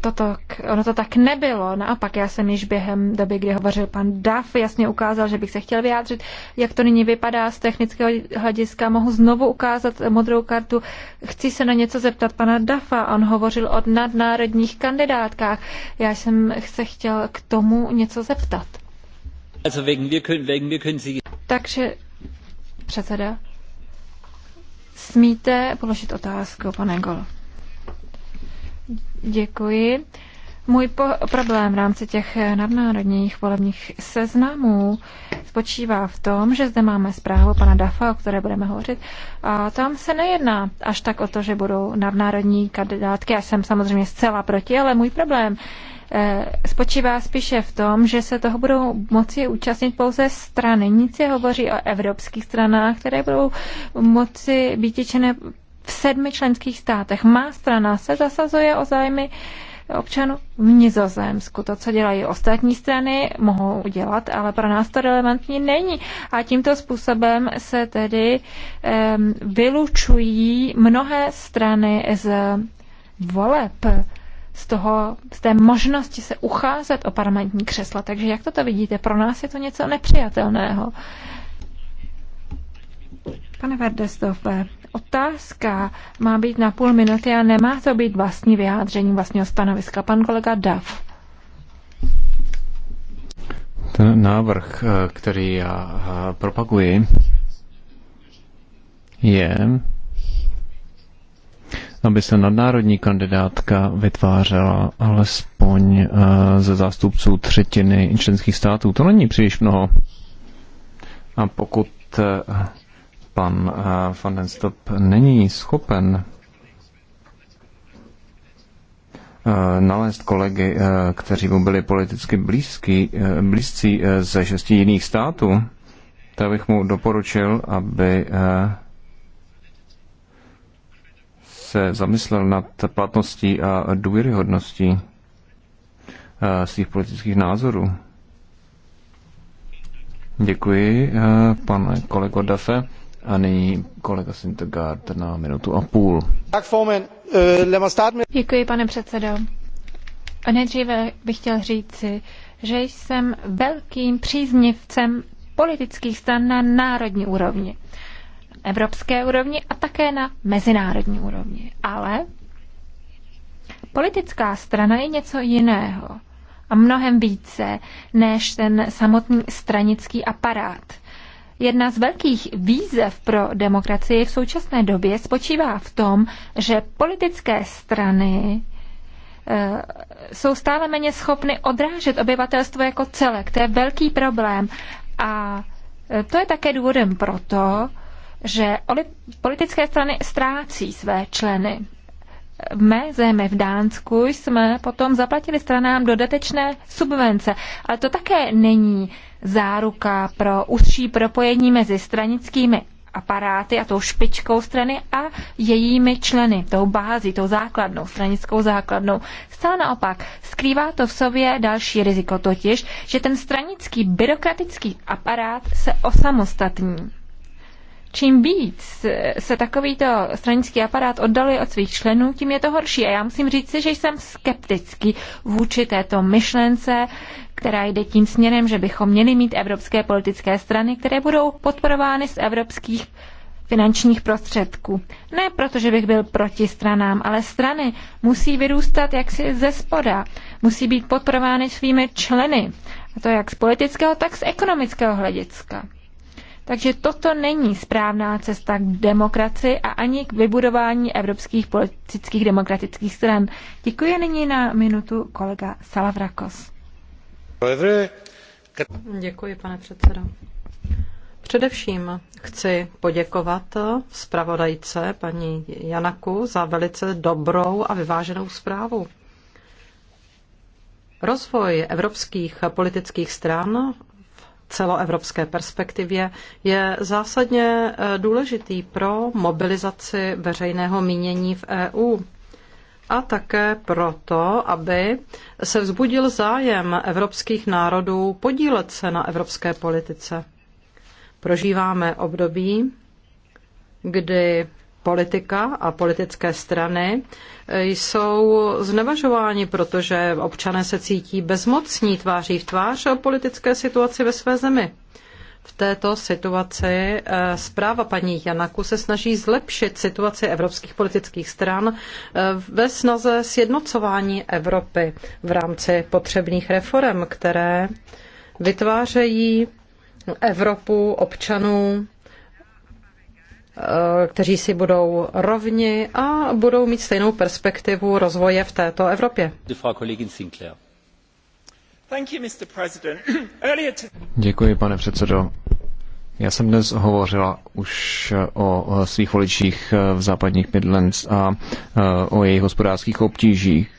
Toto, e, ono to tak nebylo. Naopak, já jsem již během doby, kdy hovořil pan Duff, jasně ukázal, že bych se chtěl vyjádřit, jak to nyní vypadá z technického hlediska. Mohu znovu ukázat modrou kartu. Chci se na něco zeptat pana Dafa. On hovořil o nadnárodních kandidátkách. Já jsem se chtěl k tomu něco zeptat. Takže předseda, smíte položit otázku, pane Gol. Děkuji. Můj problém v rámci těch nadnárodních volebních seznamů spočívá v tom, že zde máme zprávu pana Dafa, o které budeme hovořit, a tam se nejedná až tak o to, že budou nadnárodní kandidátky. Já jsem samozřejmě zcela proti, ale můj problém Eh, spočívá spíše v tom, že se toho budou moci účastnit pouze strany. Nic se hovoří o evropských stranách, které budou moci být těčené v sedmi členských státech. Má strana se zasazuje o zájmy občanů v Nizozemsku. To, co dělají ostatní strany, mohou udělat, ale pro nás to relevantní není. A tímto způsobem se tedy um, vylučují mnohé strany z voleb z, toho, z té možnosti se ucházet o parlamentní křesla. Takže jak toto vidíte? Pro nás je to něco nepřijatelného. Pane Verdestofe, otázka má být na půl minuty a nemá to být vlastní vyjádření vlastního stanoviska. Pan kolega Dav. Ten návrh, eh, který já eh, propaguji, je aby se nadnárodní kandidátka vytvářela alespoň eh, ze zástupců třetiny členských států. To není příliš mnoho. A pokud eh, pan eh, Van den Stop není schopen nalézt kolegy, kteří mu byli politicky blízký, blízcí ze šesti jiných států, tak bych mu doporučil, aby se zamyslel nad platností a důvěryhodností eh, svých politických názorů. Děkuji, eh, pane kolego Dafe. A nyní kolega Sintegard na minutu a půl. Eh, Děkuji, pane předsedo. A nejdříve bych chtěl říci, že jsem velkým příznivcem politických stran na národní úrovni evropské úrovni a také na mezinárodní úrovni. Ale politická strana je něco jiného a mnohem více než ten samotný stranický aparát. Jedna z velkých výzev pro demokracii v současné době spočívá v tom, že politické strany eh, jsou stále méně schopny odrážet obyvatelstvo jako celek. To je velký problém. A eh, to je také důvodem proto, že politické strany ztrácí své členy. V mé zemi v Dánsku jsme potom zaplatili stranám dodatečné subvence, ale to také není záruka pro užší propojení mezi stranickými aparáty a tou špičkou strany a jejími členy, tou bází, tou základnou, stranickou základnou. Stále naopak, skrývá to v sobě další riziko, totiž, že ten stranický byrokratický aparát se osamostatní čím víc se takovýto stranický aparát oddaluje od svých členů, tím je to horší. A já musím říct si, že jsem skeptický vůči této myšlence, která jde tím směrem, že bychom měli mít evropské politické strany, které budou podporovány z evropských finančních prostředků. Ne proto, že bych byl proti stranám, ale strany musí vyrůstat jaksi ze spoda. Musí být podporovány svými členy. A to jak z politického, tak z ekonomického hlediska. Takže toto není správná cesta k demokracii a ani k vybudování evropských politických demokratických stran. Děkuji nyní na minutu kolega Salavrakos. Děkuji, pane předsedo. Především chci poděkovat zpravodajce paní Janaku za velice dobrou a vyváženou zprávu. Rozvoj evropských politických stran celoevropské perspektivě je zásadně eh, důležitý pro mobilizaci veřejného mínění v EU a také proto, aby se vzbudil zájem evropských národů podílet se na evropské politice. Prožíváme období, kdy politika a politické strany jsou znevažováni, protože občané se cítí bezmocní tváří v tvář o politické situaci ve své zemi. V této situaci eh, zpráva paní Janaku se snaží zlepšit situaci evropských politických stran eh, ve snaze sjednocování Evropy v rámci potřebných reform, které vytvářejí Evropu občanů Eh, kteří si budou rovni a budou mít stejnou perspektivu rozvoje v této Evropě. Děkuji, pane předsedo. Já jsem dnes hovořila už o svých voličích eh, v západních Midlands a eh, o jejich hospodářských obtížích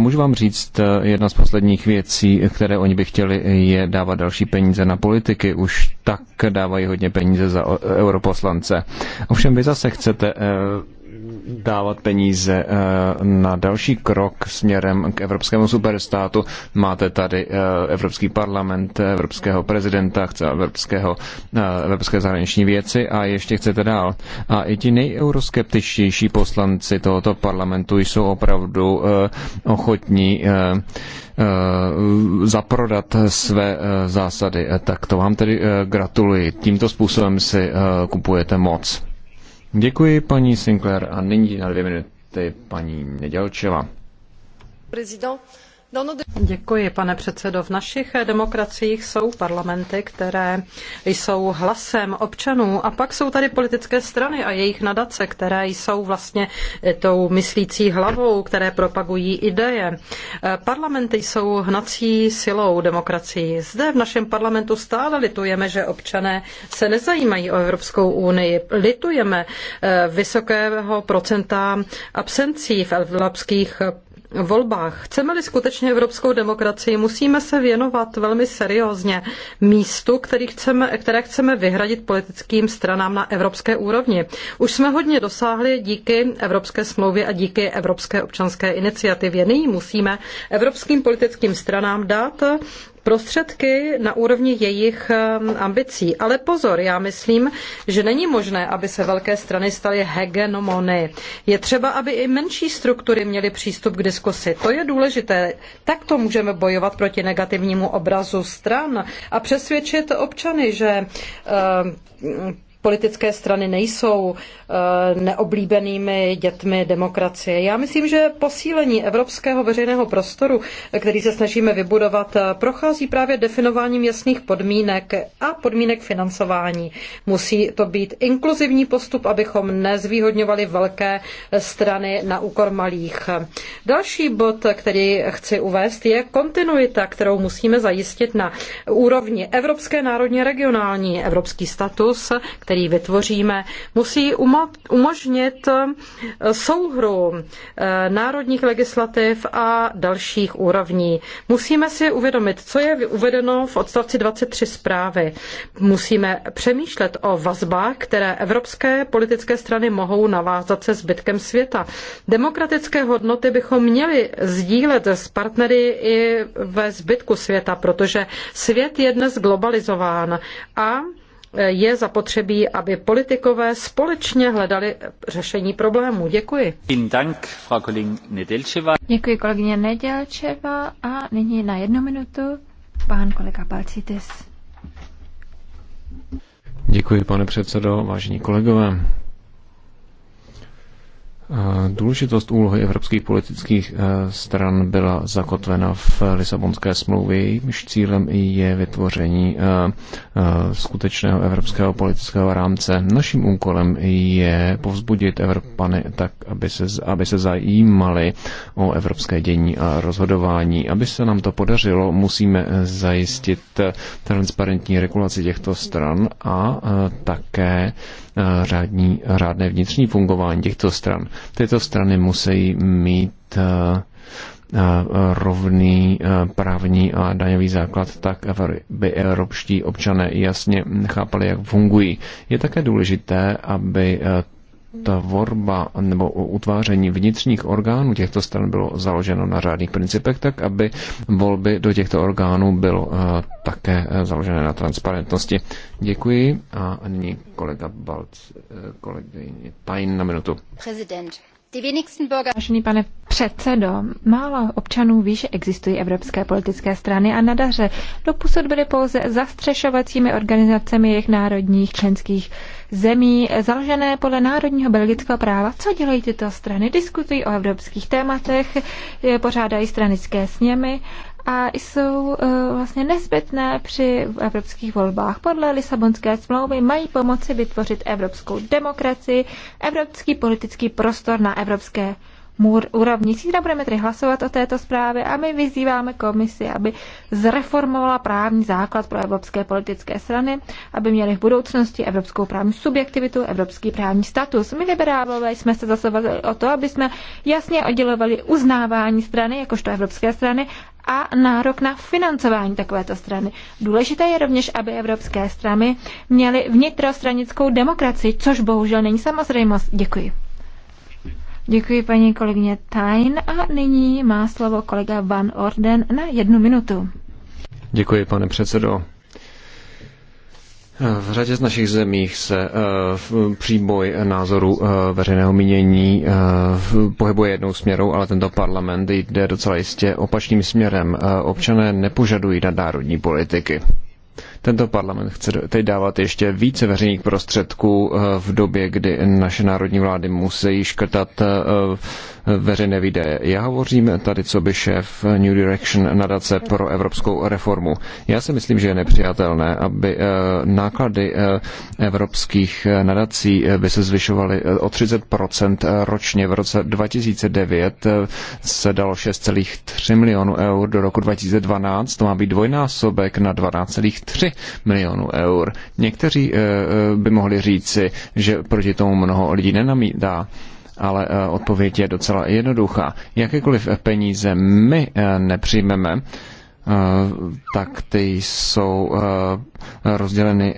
Můžu vám říct, eh, jedna z posledních věcí, které oni by chtěli, je dávat další peníze na politiky. Už tak dávají hodně peníze za europoslance. Ovšem vy zase chcete eh, dávat peníze eh, na další krok směrem k evropskému superstátu. Máte tady eh, Evropský parlament, eh, evropského prezidenta, chce evropského, evropské zahraniční věci a ještě chcete dál. A i ti nejeuroskeptičtější poslanci tohoto parlamentu jsou opravdu ochotní zaprodat své zásady. Tak to vám tedy gratuluji. Tímto způsobem si kupujete moc. Děkuji paní Sinclair a nyní na dvě minuty paní Nedělčeva. Prezident. No, no, Děkuji, pane předsedo. V našich demokraciích jsou parlamenty, které jsou hlasem občanů a pak jsou tady politické strany a jejich nadace, které jsou vlastně tou myslící hlavou, které propagují ideje. Parlamenty jsou hnací silou demokracií. Zde v našem parlamentu stále litujeme, že občané se nezajímají o Evropskou unii. Litujeme eh, vysokého procenta absencí v evropských volbách. Chceme-li skutečně evropskou demokracii, musíme se věnovat velmi seriózně místu, který chceme, které chceme vyhradit politickým stranám na evropské úrovni. Už jsme hodně dosáhli díky Evropské smlouvě a díky Evropské občanské iniciativě. Nyní musíme evropským politickým stranám dát prostředky na úrovni jejich ambicí. Ale pozor, já myslím, že není možné, aby se velké strany staly hegemony. Je třeba, aby i menší struktury měly přístup k diskusi. To je důležité. Takto můžeme bojovat proti negativnímu obrazu stran a přesvědčit občany, že politické strany nejsou eh, neoblíbenými dětmi demokracie. Já myslím, že posílení evropského veřejného prostoru, který se snažíme vybudovat, eh, prochází právě definováním jasných podmínek a podmínek financování. Musí to být inkluzivní postup, abychom nezvýhodňovali velké strany na úkor malých. Další bod, který chci uvést, je kontinuita, kterou musíme zajistit na úrovni evropské, národně, regionální. Evropský status, který vytvoříme, musí umožnit eh, souhru eh, národních legislativ a dalších úrovní. Musíme si uvědomit, co je uvedeno v odstavci 23 zprávy. Musíme přemýšlet o vazbách, které evropské politické strany mohou navázat se zbytkem světa. Demokratické hodnoty bychom bychom měli sdílet s partnery i ve zbytku světa, protože svět je dnes globalizován a je zapotřebí, aby politikové společně hledali řešení problémů. Děkuji. Děkuji kolegyně Nedělčeva a nyní na jednu minutu pán kolega Palcitis. Děkuji, pane předsedo, vážení kolegové. Důležitost úlohy evropských politických e, stran byla zakotvena v Lisabonské smlouvě. Jejímž cílem je vytvoření e, e, skutečného evropského politického rámce. Naším úkolem je povzbudit Evropany tak, aby se, aby se zajímali o evropské dění a rozhodování. Aby se nám to podařilo, musíme zajistit transparentní regulaci těchto stran a také Eh, řádní, řádné vnitřní fungování těchto stran. Tyto strany musí mít eh, eh, rovný právní a daňový základ tak, aby evropští občané jasně chápali, jak fungují. Je také důležité, aby tvorba nebo utváření vnitřních orgánů těchto stran bylo založeno na řádných principech, tak aby volby do těchto orgánů bylo eh, také eh, založené na transparentnosti. Děkuji a nyní kolega Balc, eh, kolegyně Pajn na minutu. Prezident. Vážený pane předsedo, málo občanů ví, že existují evropské politické strany a nadaře. Doposud byly pouze zastřešovacími organizacemi jejich národních členských zemí založené podle národního belgického práva. Co dělají tyto strany? Diskutují o evropských tématech, pořádají stranické sněmy a jsou eh, vlastně nezbytné při evropských volbách. Podle Lisabonské smlouvy mají pomoci vytvořit evropskou demokracii, evropský politický prostor na evropské úrovni. Zítra budeme tedy hlasovat o této zprávě a my vyzýváme komisi, aby zreformovala právní základ pro evropské politické strany, aby měly v budoucnosti evropskou právní subjektivitu, evropský právní status. My liberálové jsme se zasovali o to, aby jsme jasně oddělovali uznávání strany, jakožto evropské strany, a nárok na financování takovéto strany. Důležité je rovněž, aby evropské strany měly vnitrostranickou demokracii, což bohužel není samozřejmost. Děkuji. Děkuji paní kolegyně Tain a nyní má slovo kolega Van Orden na jednu minutu. Děkuji, pane předsedo. V řadě z našich zemích se uh, příboj názorů uh, eh, veřejného mínění uh, pohybuje jednou směrou, ale tento parlament jde docela jistě opačným směrem. Uh, občané nepožadují nadnárodní politiky. Tento parlament chce teď dávat ještě více veřejných prostředků eh, v době, kdy naše národní vlády musí škrtat eh, veřejné výdaje. Já hovořím tady, co by šéf New Direction nadace pro evropskou reformu. Já si myslím, že je nepřijatelné, aby eh, náklady eh, evropských eh, nadací by se zvyšovaly o 30% ročně. V roce 2009 se dalo 6,3 milionů eur, do roku 2012 to má být dvojnásobek na 12,3 milionů eur. Někteří by mohli říci, že proti tomu mnoho lidí nenamítá ale eh, odpověď je docela jednoduchá. Jakékoliv eh, peníze my eh, nepřijmeme, tak ty jsou rozděleny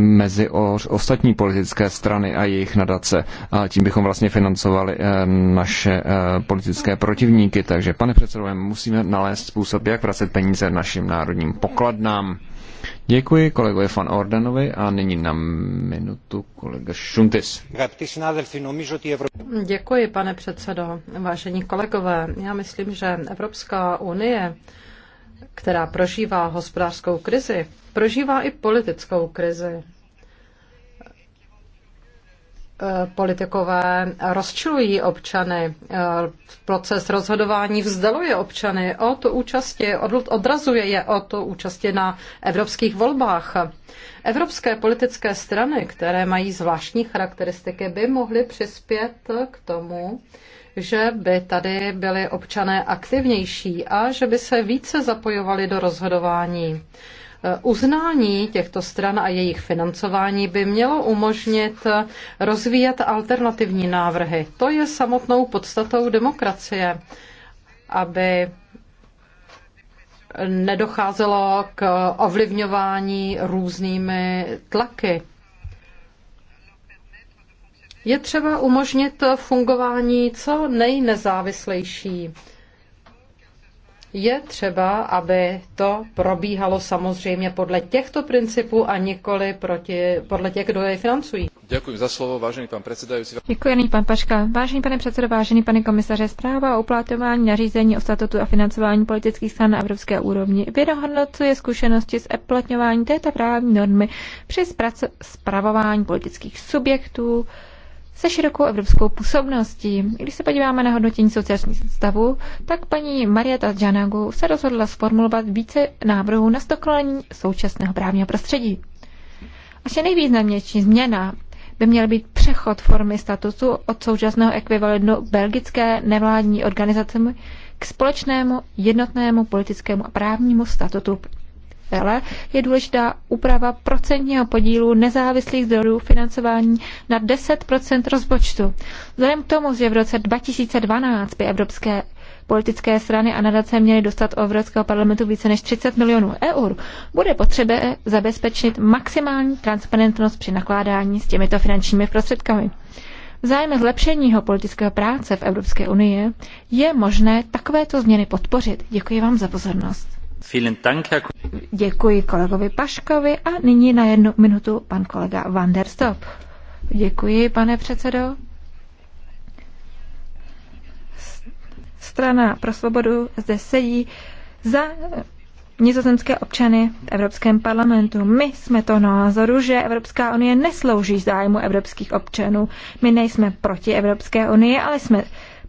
mezi ostatní politické strany a jejich nadace. A tím bychom vlastně financovali naše politické protivníky. Takže, pane předsedové, musíme nalézt způsob, jak vracet peníze našim národním pokladnám. Děkuji kolegovi von Ordenovi a nyní na minutu kolega Šuntis. Děkuji, pane předsedo. Vážení kolegové, já myslím, že Evropská unie, která prožívá hospodářskou krizi, prožívá i politickou krizi. Eh, politikové rozčilují občany. Eh, proces rozhodování vzdaluje občany od účasti, odrazuje je od účasti na evropských volbách. Evropské politické strany, které mají zvláštní charakteristiky, by mohly přispět k tomu, že by tady byli občané aktivnější a že by se více zapojovali do rozhodování. Eh, uznání těchto stran a jejich financování by mělo umožnit eh, rozvíjet alternativní návrhy. To je samotnou podstatou demokracie, aby nedocházelo k ovlivňování různými tlaky. Je třeba umožnit fungování co nejnezávislejší je třeba, aby to probíhalo samozřejmě podle těchto principů a nikoli proti, podle těch, kdo je financují. Děkuji za slovo, vážený pan předsedající. Děkuji, pan Paška. Vážený pane předsedo, vážený pane komisaře, zpráva o uplatňování nařízení o statutu a financování politických stran na evropské úrovni vědohodnocuje zkušenosti s uplatňování této právní normy při zpravování politických subjektů, se širokou evropskou působností. Když se podíváme na hodnotění současných stavu, tak paní Marieta Džanagu se rozhodla sformulovat více návrhů na stokolení současného právního prostředí. je nejvýznamnější změna by měl být přechod formy statusu od současného ekvivalentu belgické nevládní organizace k společnému jednotnému politickému a právnímu statutu ale je důležitá úprava procentního podílu nezávislých zdrojů financování na 10 rozpočtu. Vzhledem k tomu, že v roce 2012 by evropské politické strany a nadace měly dostat od Evropského parlamentu více než 30 milionů eur, bude potřeba zabezpečit maximální transparentnost při nakládání s těmito finančními prostředkami. V zájmu politického práce v Evropské unii je možné takovéto změny podpořit. Děkuji vám za pozornost. Děkuji kolegovi Paškovi a nyní na jednu minutu pan kolega Van der Stop. Děkuji, pane předsedo. Strana pro svobodu zde sedí za nizozemské občany v Evropském parlamentu. My jsme to názoru, že Evropská unie neslouží zájmu evropských občanů. My nejsme proti Evropské unii, ale jsme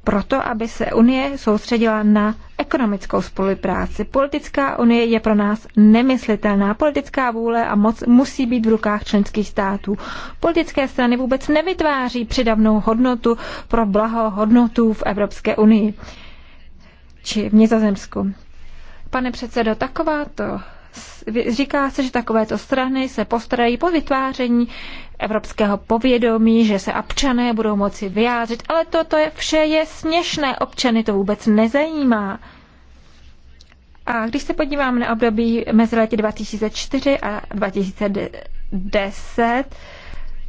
proto, aby se Unie soustředila na ekonomickou spolupráci. Politická unie je pro nás nemyslitelná. Politická vůle a moc musí být v rukách členských států. Politické strany vůbec nevytváří přidavnou hodnotu pro blaho hodnotů v Evropské unii či v Nizozemsku. Pane předsedo, takováto říká se, že takovéto strany se postarají po vytváření evropského povědomí, že se občané budou moci vyjádřit, ale toto je, vše je směšné, občany to vůbec nezajímá. A když se podívám na období mezi lety 2004 a 2010,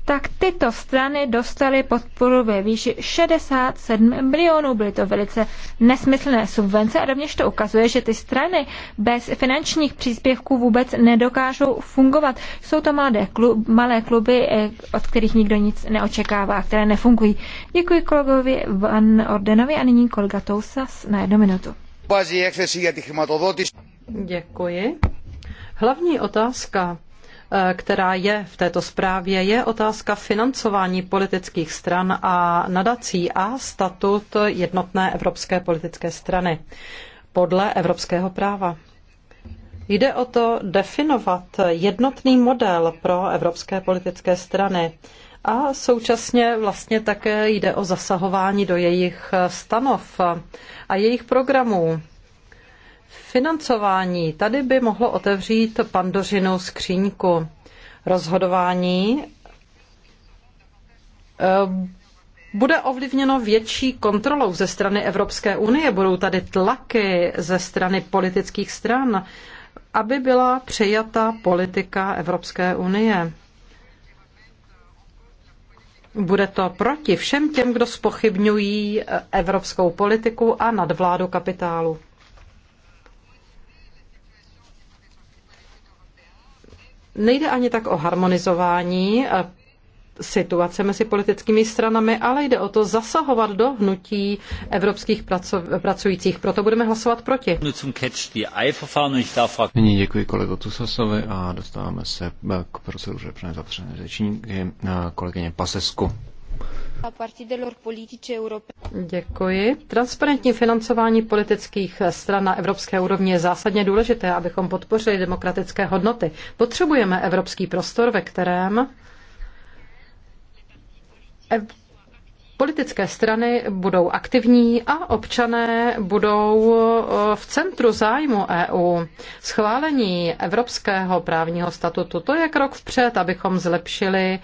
tak tyto strany dostaly podporu ve výši 67 milionů. Byly to velice nesmyslné subvence a rovněž to ukazuje, že ty strany bez finančních příspěvků vůbec nedokážou fungovat. Jsou to malé, klub, malé kluby, eh, od kterých nikdo nic neočekává, které nefungují. Děkuji kolegovi Van Ordenovi a nyní kolega Tousas na jednu minutu. Děkuji. Hlavní otázka Eh, která je v této zprávě, je otázka financování politických stran a nadací a statut jednotné evropské politické strany podle evropského práva. Jde o to definovat jednotný model pro evropské politické strany a současně vlastně také jde o zasahování do jejich stanov a jejich programů Financování. Tady by mohlo otevřít pandořinu skříňku. Rozhodování eh, bude ovlivněno větší kontrolou ze strany Evropské unie. Budou tady tlaky ze strany politických stran, aby byla přijata politika Evropské unie. Bude to proti všem těm, kdo spochybňují eh, evropskou politiku a nadvládu kapitálu. Nejde ani tak o harmonizování eh, situace mezi politickými stranami, ale jde o to zasahovat do hnutí evropských pracujících. Proto budeme hlasovat proti. Nyní děkuji kolego Tusasovi a dostáváme se eh, k proceduře přenezapřené řečníky eh, kolegyně Pasesku. Děkuji. Transparentní financování politických stran na evropské úrovni je zásadně důležité, abychom podpořili demokratické hodnoty. Potřebujeme evropský prostor, ve kterém politické strany budou aktivní a občané budou v centru zájmu EU. Schválení Evropského právního statutu, to je krok vpřed, abychom zlepšili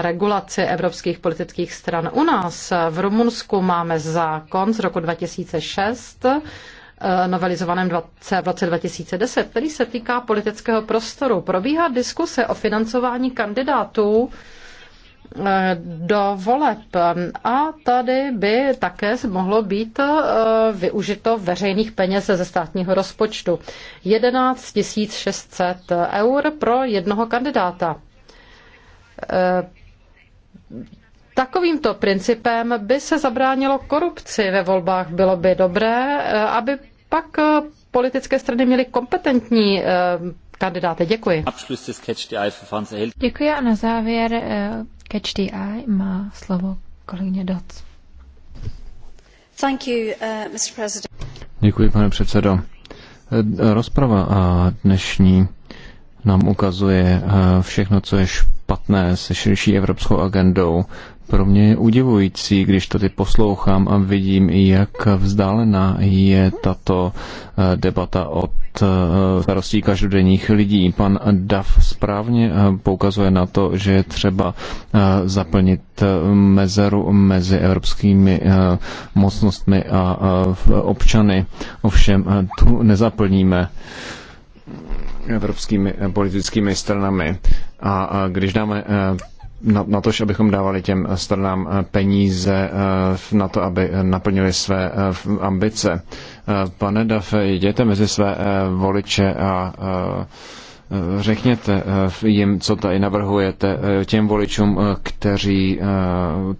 regulaci evropských politických stran. U nás v Rumunsku máme zákon z roku 2006, eh, novelizovaném v roce 2010, který se týká politického prostoru. Probíhá diskuse o financování kandidátů eh, do voleb. A tady by také mohlo být eh, využito veřejných peněz ze státního rozpočtu. 11 600 eur pro jednoho kandidáta. Eh, takovýmto principem by se zabránilo korupci ve volbách. Bylo by dobré, eh, aby pak eh, politické strany měly kompetentní kandidáty. Děkuji. Děkuji a na závěr Catch the Eye má slovo kolegyně Doc. Thank you, uh, Mr. President. Děkuji, pane předsedo. Rozprava dnešní nám ukazuje eh, všechno, co je špatné se širší evropskou agendou. Pro mě je udivující, když to ty poslouchám a vidím, jak vzdálená je tato eh, debata od eh, starostí každodenních lidí. Pan Dav správně poukazuje na to, že je třeba zaplnit mezeru mezi evropskými mocnostmi a občany. Ovšem tu nezaplníme evropskými eh, politickými stranami. A když dáme eh, na, na to, abychom dávali těm stranám eh, peníze na to, aby naplnili své ambice. Pane Dafe, jděte mezi své voliče a Řekněte eh, jim, co tady navrhujete eh, těm voličům, eh, kteří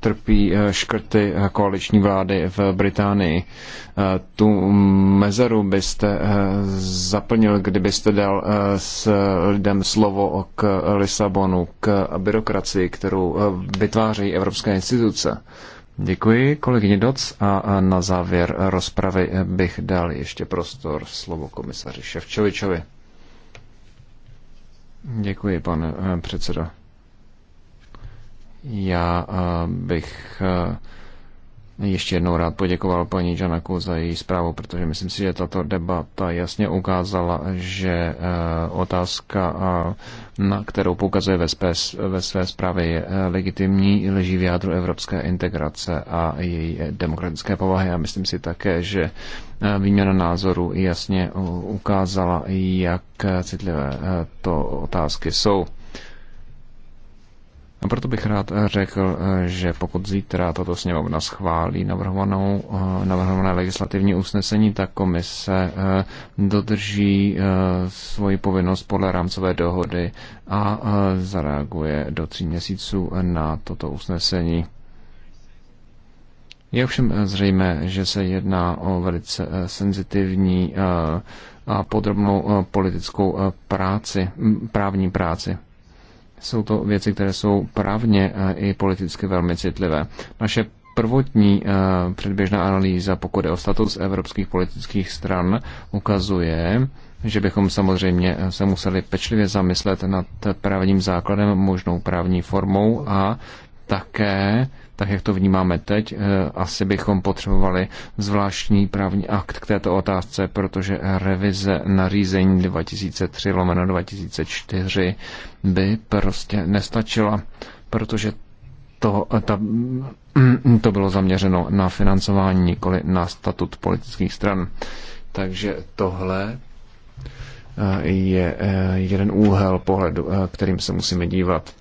trpí škrty koaliční vlády v Británii. Tu mezeru byste zaplnil, kdybyste dal s lidem slovo k Lisabonu, k byrokracii, kterou vytvářejí evropské instituce. Děkuji kolegyně Doc a na závěr rozpravy bych dal ještě prostor slovo komisaři Ševčovičovi. Děkuji, pane eh, předsedo. Já eh, bych eh, ještě jednou rád poděkoval paní Janaku za její zprávu, protože myslím si, že tato debata jasně ukázala, že eh, otázka, eh, na kterou poukazuje ve své, zprávě, je eh, legitimní, leží v jádru evropské integrace a její demokratické povahy. A myslím si také, že výměna názoru jasně ukázala, jak citlivé to otázky jsou. A proto bych rád eh, řekl, eh, že pokud zítra tato sněmovna schválí navrhovanou, eh, navrhované legislativní usnesení, tak komise dodrží svoji povinnost podle rámcové dohody a zareaguje do tří měsíců na toto usnesení. Je ovšem zřejmé, že se jedná o velice senzitivní a podrobnou politickou práci, právní práci. Jsou to věci, které jsou právně eh, i politicky velmi citlivé. Naše prvotní eh, předběžná analýza, pokud je o status evropských politických stran, ukazuje, že bychom samozřejmě eh, se museli pečlivě zamyslet nad právním základem, možnou právní formou a také tak jak to vnímáme teď, eh, asi bychom potřebovali zvláštní právní akt k této otázce, protože revize nařízení 2003 lomeno 2004 by prostě nestačila, protože to, eh, ta, to bylo zaměřeno na financování, nikoli na statut politických stran. Takže tohle eh, je jeden úhel pohledu, kterým se musíme dívat.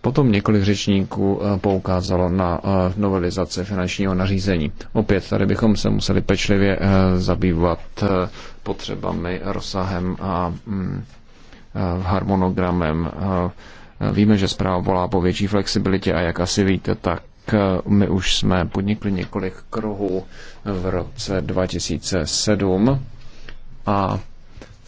Potom několik řečníků eh, poukázalo na eh, novelizaci finančního nařízení. Opět tady bychom se museli pečlivě eh, zabývat potřebami, rozsahem a mm, harmonogramem. Víme, že zpráva volá po větší flexibilitě a jak asi víte, tak my už jsme podnikli několik kruhů v roce 2007 a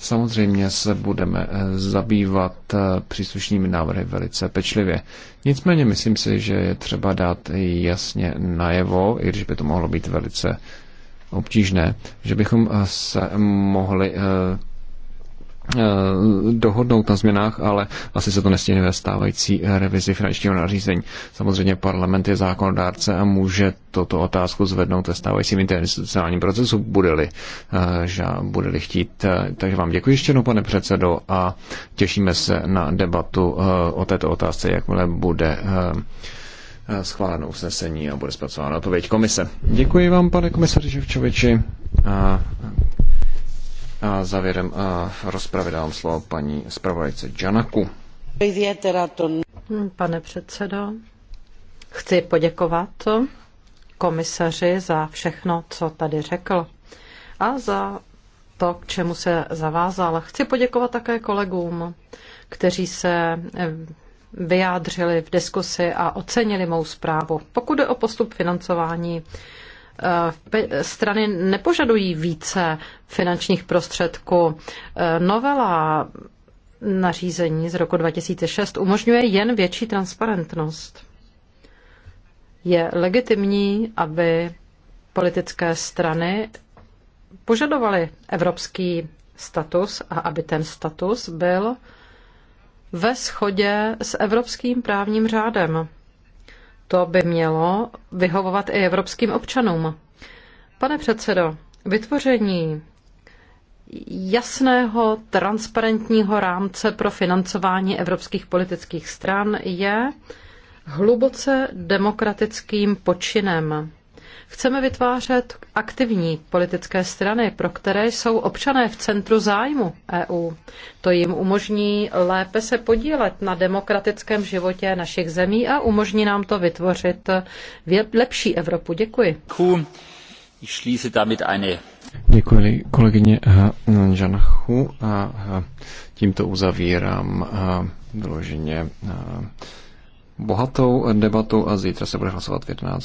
Samozřejmě se budeme eh, zabývat eh, příslušnými návrhy velice pečlivě. Nicméně myslím si, že je třeba dát jasně najevo, i když by to mohlo být velice obtížné, že bychom eh, se mohli Eh, dohodnout na změnách, ale asi se to nestihne ve stávající revizi finančního nařízení. Samozřejmě parlament je zákonodárce a může toto otázku zvednout ve stávajícím interinstitucionálním procesu, bude-li, eh, bude-li chtít. Eh, takže vám děkuji ještě jednou, pane předsedo, a těšíme se na debatu o této otázce, jakmile bude schváleno usnesení a bude zpracována odpověď komise. Děkuji vám, pane komisaři Ževčoviči. A a závěrem v rozpravě dávám slovo paní zpravodajce Janaku. Pane předsedo, chci poděkovat komisaři za všechno, co tady řekl a za to, k čemu se zavázal. Chci poděkovat také kolegům, kteří se eh, vyjádřili v diskusi a ocenili mou zprávu. Pokud jde o postup financování, Eh, strany nepožadují více finančních prostředků. Eh, novela nařízení z roku 2006 umožňuje jen větší transparentnost. Je legitimní, aby politické strany požadovaly evropský status a aby ten status byl ve shodě s evropským právním řádem to by mělo vyhovovat i evropským občanům. Pane předsedo, vytvoření jasného, transparentního rámce pro financování evropských politických stran je hluboce demokratickým počinem. Chceme vytvářet aktivní politické strany, pro které jsou občané v centru zájmu EU. To jim umožní lépe se podílet na demokratickém životě našich zemí a umožní nám to vytvořit lepší Evropu. Děkuji. Děkuji kolegyně eh, Žanachu a eh, tímto uzavírám eh, vyloženě bohatou debatu a zítra se bude hlasovat v 11.